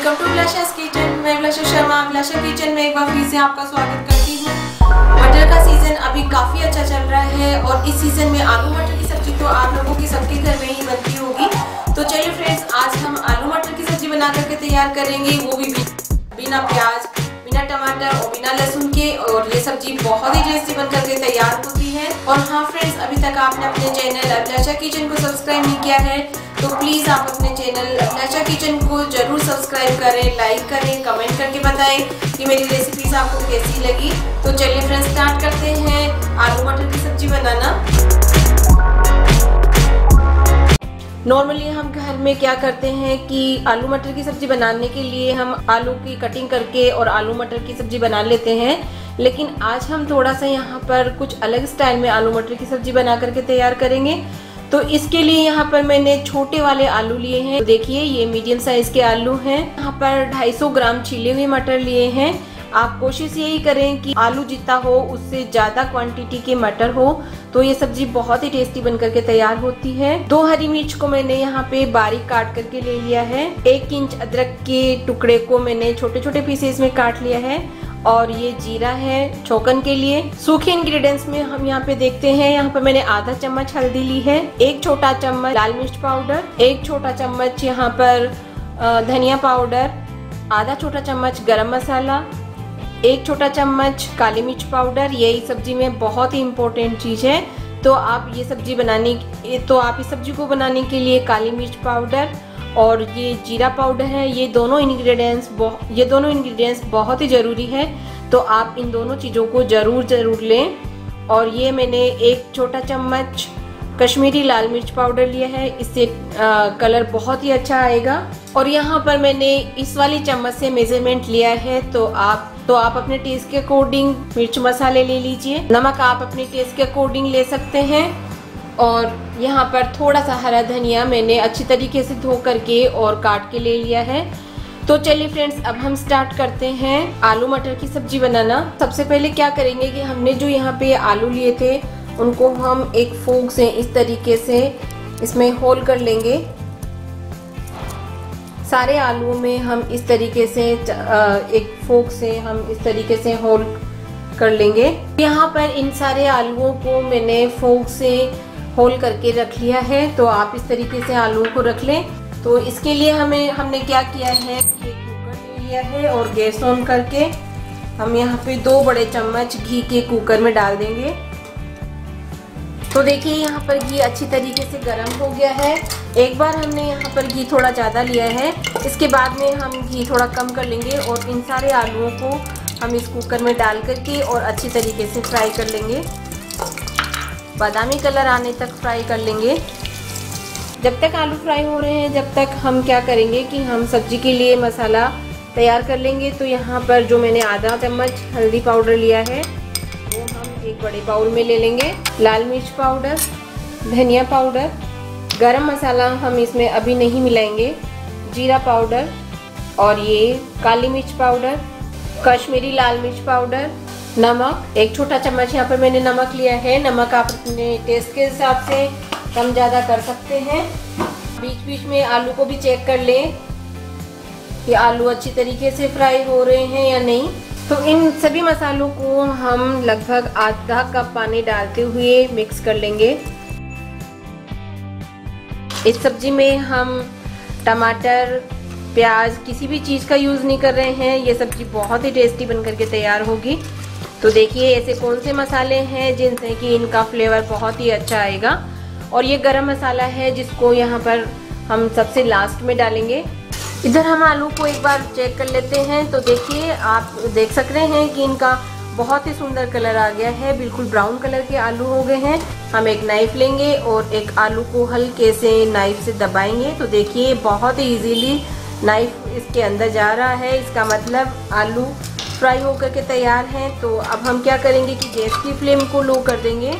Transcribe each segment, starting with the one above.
welcome to ब्लशेस kitchen मैं ब्लशर शर्मा ब्लशर किचन में एक बार फिर से आपका स्वागत करती हूँ मटर का सीज़न अभी काफ़ी अच्छा चल रहा है और इस सीज़न में आलू मटर की सब्ज़ी तो आप लोगों की सबके घर में ही बनती होगी तो चलिए फ्रेंड्स आज हम आलू मटर की सब्ज़ी बना करके तैयार करेंगे वो भी बिना प्याज बिना टमाटर और बिना लहसुन के और ये सब्जी बहुत ही टेस्टी बनकर के तैयार होती है और हाँ फ्रेंड्स अभी तक आपने अपने चैनल अभिलाषा किचन को सब्सक्राइब नहीं किया है तो प्लीज़ आप अपने चैनल अभिलाषा किचन को ज़रूर सब्सक्राइब करें लाइक करें कमेंट करके बताएं कि मेरी रेसिपीज आपको कैसी लगी तो चलिए फ्रेंड्स स्टार्ट करते हैं आलू मटर की सब्जी बनाना नॉर्मली हम घर में क्या करते हैं कि आलू मटर की सब्जी बनाने के लिए हम आलू की कटिंग करके और आलू मटर की सब्जी बना लेते हैं लेकिन आज हम थोड़ा सा यहाँ पर कुछ अलग स्टाइल में आलू मटर की सब्जी बना करके तैयार करेंगे तो इसके लिए यहाँ पर मैंने छोटे वाले आलू लिए हैं देखिए ये मीडियम साइज के आलू हैं यहाँ पर 250 ग्राम छीले हुए मटर लिए हैं आप कोशिश यही करें कि आलू जितना हो उससे ज़्यादा क्वांटिटी के मटर हो तो ये सब्जी बहुत ही टेस्टी बन करके तैयार होती है दो हरी मिर्च को मैंने यहाँ पे बारीक काट करके ले लिया है एक इंच अदरक के टुकड़े को मैंने छोटे छोटे पीसेस में काट लिया है और ये जीरा है छोकन के लिए सूखे इंग्रेडिएंट्स में हम यहाँ पे देखते हैं यहाँ पे मैंने आधा चम्मच हल्दी ली है एक छोटा चम्मच लाल मिर्च पाउडर एक छोटा चम्मच यहाँ पर धनिया पाउडर आधा छोटा चम्मच गरम मसाला एक छोटा चम्मच काली मिर्च पाउडर यही सब्जी में बहुत ही इम्पोर्टेंट चीज़ है तो आप ये सब्जी बनाने तो आप इस सब्जी को बनाने के लिए काली मिर्च पाउडर और ये जीरा पाउडर है ये दोनों इंग्रेडिएंट्स ये दोनों इंग्रेडिएंट्स बहुत ही ज़रूरी है तो आप इन दोनों चीज़ों को ज़रूर ज़रूर लें और ये मैंने एक छोटा चम्मच कश्मीरी लाल मिर्च पाउडर लिया है इससे आ, कलर बहुत ही अच्छा आएगा और यहाँ पर मैंने इस वाली चम्मच से मेज़रमेंट लिया है तो आप तो आप अपने टेस्ट के अकॉर्डिंग मिर्च मसाले ले लीजिए नमक आप अपने टेस्ट के अकॉर्डिंग ले सकते हैं और यहाँ पर थोड़ा सा हरा धनिया मैंने अच्छी तरीके से धो करके और काट के ले लिया है तो चलिए फ्रेंड्स अब हम स्टार्ट करते हैं आलू मटर की सब्जी बनाना सबसे पहले क्या करेंगे कि हमने जो यहाँ पे आलू लिए थे उनको हम एक फोक से इस तरीके से इसमें होल कर लेंगे सारे आलुओं में हम इस तरीके से एक फोक से हम इस तरीके से होल कर लेंगे यहाँ पर इन सारे आलुओं को मैंने फोक से होल करके रख लिया है तो आप इस तरीके से आलुओं को रख लें तो इसके लिए हमें हमने क्या किया है कुकर ले लिया है और गैस ऑन करके हम यहाँ पे दो बड़े चम्मच घी के कुकर में डाल देंगे तो देखिए यहाँ पर घी अच्छी तरीके से गर्म हो गया है एक बार हमने यहाँ पर घी थोड़ा ज़्यादा लिया है इसके बाद में हम घी थोड़ा कम कर लेंगे और इन सारे आलुओं को हम इस कुकर में डाल करके और अच्छी तरीके से फ्राई कर लेंगे बादामी कलर आने तक फ्राई कर लेंगे जब तक आलू फ्राई हो रहे हैं जब तक हम क्या करेंगे कि हम सब्जी के लिए मसाला तैयार कर लेंगे तो यहाँ पर जो मैंने आधा चम्मच हल्दी पाउडर लिया है एक बड़े बाउल में ले लेंगे लाल मिर्च पाउडर धनिया पाउडर गरम मसाला हम इसमें अभी नहीं मिलाएंगे जीरा पाउडर और ये काली मिर्च पाउडर कश्मीरी लाल मिर्च पाउडर नमक एक छोटा चम्मच यहाँ पर मैंने नमक लिया है नमक आप अपने टेस्ट के हिसाब से कम ज़्यादा कर सकते हैं बीच बीच में आलू को भी चेक कर लें कि आलू अच्छी तरीके से फ्राई हो रहे हैं या नहीं तो इन सभी मसालों को हम लगभग आधा कप पानी डालते हुए मिक्स कर लेंगे इस सब्जी में हम टमाटर प्याज किसी भी चीज़ का यूज़ नहीं कर रहे हैं ये सब्जी बहुत ही टेस्टी बनकर के तैयार होगी तो देखिए ऐसे कौन से मसाले हैं जिनसे कि इनका फ्लेवर बहुत ही अच्छा आएगा और ये गरम मसाला है जिसको यहाँ पर हम सबसे लास्ट में डालेंगे इधर हम आलू को एक बार चेक कर लेते हैं तो देखिए आप देख सक रहे हैं कि इनका बहुत ही सुंदर कलर आ गया है बिल्कुल ब्राउन कलर के आलू हो गए हैं हम एक नाइफ लेंगे और एक आलू को हल्के से नाइफ से दबाएंगे तो देखिए बहुत ही ईजीली नाइफ इसके अंदर जा रहा है इसका मतलब आलू फ्राई होकर के तैयार हैं तो अब हम क्या करेंगे कि गैस की फ्लेम को लो कर देंगे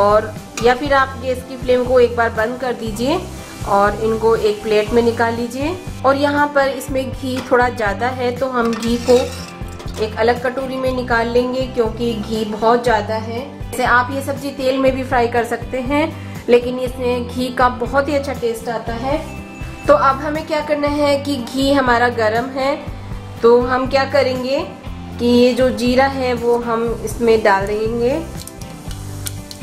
और या फिर आप गैस की फ्लेम को एक बार बंद कर दीजिए और इनको एक प्लेट में निकाल लीजिए और यहाँ पर इसमें घी थोड़ा ज़्यादा है तो हम घी को एक अलग कटोरी में निकाल लेंगे क्योंकि घी बहुत ज़्यादा है जैसे आप ये सब्जी तेल में भी फ्राई कर सकते हैं लेकिन इसमें घी का बहुत ही अच्छा टेस्ट आता है तो अब हमें क्या करना है कि घी हमारा गर्म है तो हम क्या करेंगे कि ये जो जीरा है वो हम इसमें डाल देंगे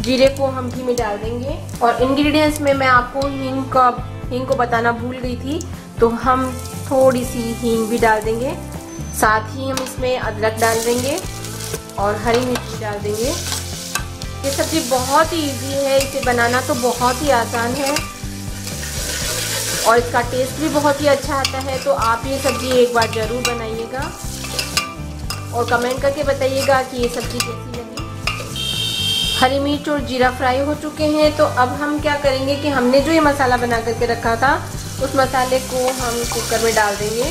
जीरे को हम घी में डाल देंगे और इंग्रेडिएंट्स में मैं आपको हींग का हींग को बताना भूल गई थी तो हम थोड़ी सी हींग भी डाल देंगे साथ ही हम इसमें अदरक डाल देंगे और हरी मिर्च डाल देंगे ये सब्ज़ी बहुत ही ईजी है इसे बनाना तो बहुत ही आसान है और इसका टेस्ट भी बहुत ही अच्छा आता है तो आप ये सब्ज़ी एक बार ज़रूर बनाइएगा और कमेंट करके बताइएगा कि ये सब्ज़ी कैसी हरी मिर्च और जीरा फ्राई हो चुके हैं तो अब हम क्या करेंगे कि हमने जो ये मसाला बना करके रखा था उस मसाले को हम कुकर में डाल देंगे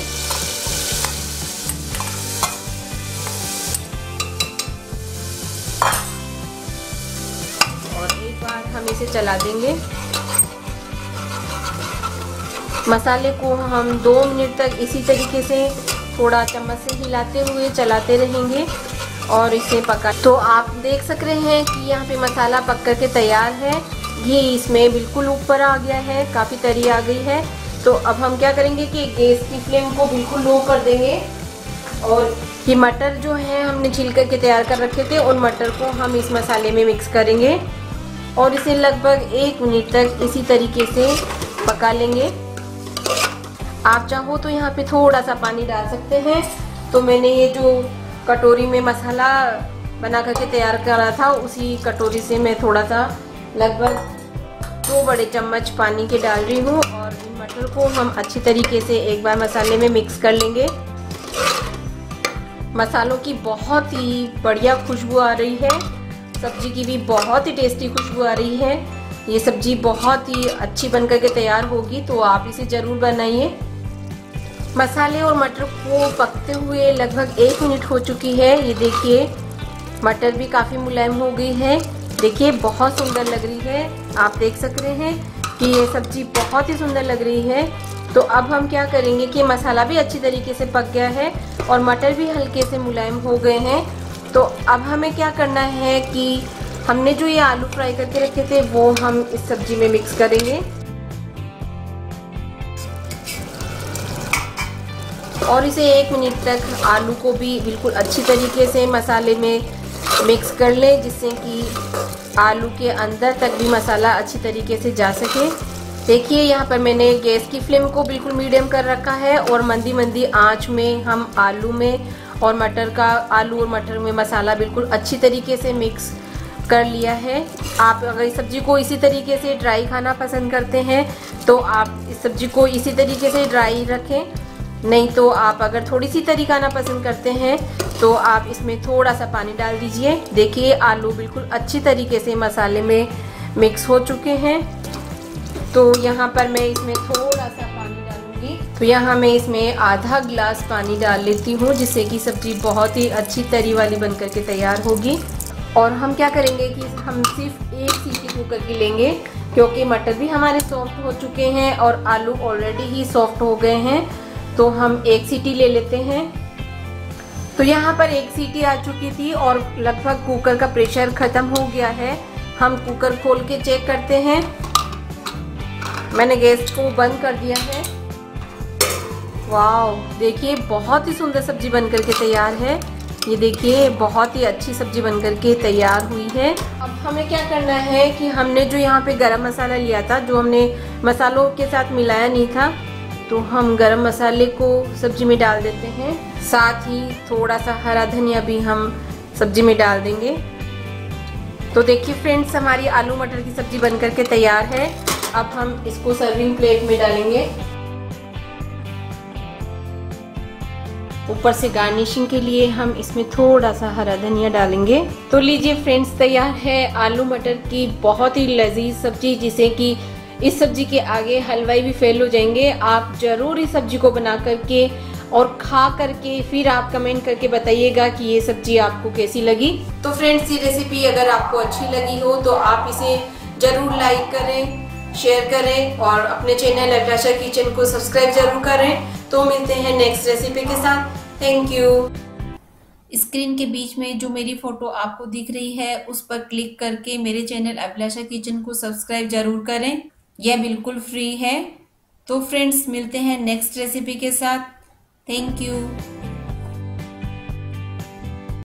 और एक बार हम इसे चला देंगे मसाले को हम दो मिनट तक इसी तरीके से थोड़ा चम्मच से हिलाते हुए चलाते रहेंगे और इसे पका तो आप देख सक रहे हैं कि यहाँ पे मसाला पक कर के तैयार है घी इसमें बिल्कुल ऊपर आ गया है काफ़ी तरी आ गई है तो अब हम क्या करेंगे कि गैस की फ्लेम को बिल्कुल लो कर देंगे और ये मटर जो है हमने छील करके तैयार कर रखे थे उन मटर को हम इस मसाले में मिक्स करेंगे और इसे लगभग एक मिनट तक इसी तरीके से पका लेंगे आप चाहो तो यहाँ पे थोड़ा सा पानी डाल सकते हैं तो मैंने ये जो कटोरी में मसाला बना करके तैयार कर रहा था उसी कटोरी से मैं थोड़ा सा लगभग दो तो बड़े चम्मच पानी के डाल रही हूँ और इन मटर को हम अच्छी तरीके से एक बार मसाले में मिक्स कर लेंगे मसालों की बहुत ही बढ़िया खुशबू आ रही है सब्जी की भी बहुत ही टेस्टी खुशबू आ रही है ये सब्जी बहुत ही अच्छी बनकर के तैयार होगी तो आप इसे ज़रूर बनाइए मसाले और मटर को पकते हुए लगभग एक मिनट हो चुकी है ये देखिए मटर भी काफ़ी मुलायम हो गई है देखिए बहुत सुंदर लग रही है आप देख सक रहे हैं कि ये सब्जी बहुत ही सुंदर लग रही है तो अब हम क्या करेंगे कि मसाला भी अच्छी तरीके से पक गया है और मटर भी हल्के से मुलायम हो गए हैं तो अब हमें क्या करना है कि हमने जो ये आलू फ्राई करके रखे थे वो हम इस सब्जी में मिक्स करेंगे और इसे एक मिनट तक आलू को भी बिल्कुल अच्छी तरीके से मसाले में मिक्स कर लें जिससे कि आलू के अंदर तक भी मसाला अच्छी तरीके से जा सके देखिए यहाँ पर मैंने गैस की फ्लेम को बिल्कुल मीडियम कर रखा है और मंदी मंदी आंच में हम आलू में और मटर का आलू और मटर में मसाला बिल्कुल अच्छी तरीके से मिक्स कर लिया है आप अगर इस सब्ज़ी को इसी तरीके से ड्राई खाना पसंद करते हैं तो आप इस सब्ज़ी को इसी तरीके से ड्राई रखें नहीं तो आप अगर थोड़ी सी तरी खाना पसंद करते हैं तो आप इसमें थोड़ा सा पानी डाल दीजिए देखिए आलू बिल्कुल अच्छी तरीके से मसाले में मिक्स हो चुके हैं तो यहाँ पर मैं इसमें थोड़ा सा पानी डालूंगी तो यहाँ मैं इसमें आधा ग्लास पानी डाल लेती हूँ जिससे कि सब्ज़ी बहुत ही अच्छी तरी वाली बन करके तैयार होगी और हम क्या करेंगे कि हम सिर्फ एक सीटी कुकर की लेंगे क्योंकि मटर भी हमारे सॉफ्ट हो चुके हैं और आलू ऑलरेडी ही सॉफ्ट हो गए हैं तो हम एक सीटी ले लेते हैं तो यहाँ पर एक सीटी आ चुकी थी और लगभग कुकर का प्रेशर ख़त्म हो गया है हम कुकर खोल के चेक करते हैं मैंने गैस को बंद कर दिया है वाह देखिए बहुत ही सुंदर सब्जी बनकर के तैयार है ये देखिए बहुत ही अच्छी सब्जी बनकर के तैयार हुई है अब हमें क्या करना है कि हमने जो यहाँ पे गरम मसाला लिया था जो हमने मसालों के साथ मिलाया नहीं था तो हम गरम मसाले को सब्जी में डाल देते हैं साथ ही थोड़ा सा हरा धनिया भी हम सब्जी में डाल देंगे तो देखिए फ्रेंड्स हमारी आलू मटर की सब्जी बन करके तैयार है अब हम इसको सर्विंग प्लेट में डालेंगे ऊपर से गार्निशिंग के लिए हम इसमें थोड़ा सा हरा धनिया डालेंगे तो लीजिए फ्रेंड्स तैयार है आलू मटर की बहुत ही लजीज सब्जी जिसे कि इस सब्जी के आगे हलवाई भी फेल हो जाएंगे आप ज़रूर इस सब्जी को बना करके और खा करके फिर आप कमेंट करके बताइएगा कि ये सब्जी आपको कैसी लगी तो फ्रेंड्स ये रेसिपी अगर आपको अच्छी लगी हो तो आप इसे ज़रूर लाइक करें शेयर करें और अपने चैनल अभिलाषा किचन को सब्सक्राइब जरूर करें तो मिलते हैं नेक्स्ट रेसिपी के साथ थैंक यू स्क्रीन के बीच में जो मेरी फ़ोटो आपको दिख रही है उस पर क्लिक करके मेरे चैनल अभिलाषा किचन को सब्सक्राइब जरूर करें यह बिल्कुल फ्री है तो फ्रेंड्स मिलते हैं नेक्स्ट रेसिपी के साथ थैंक यू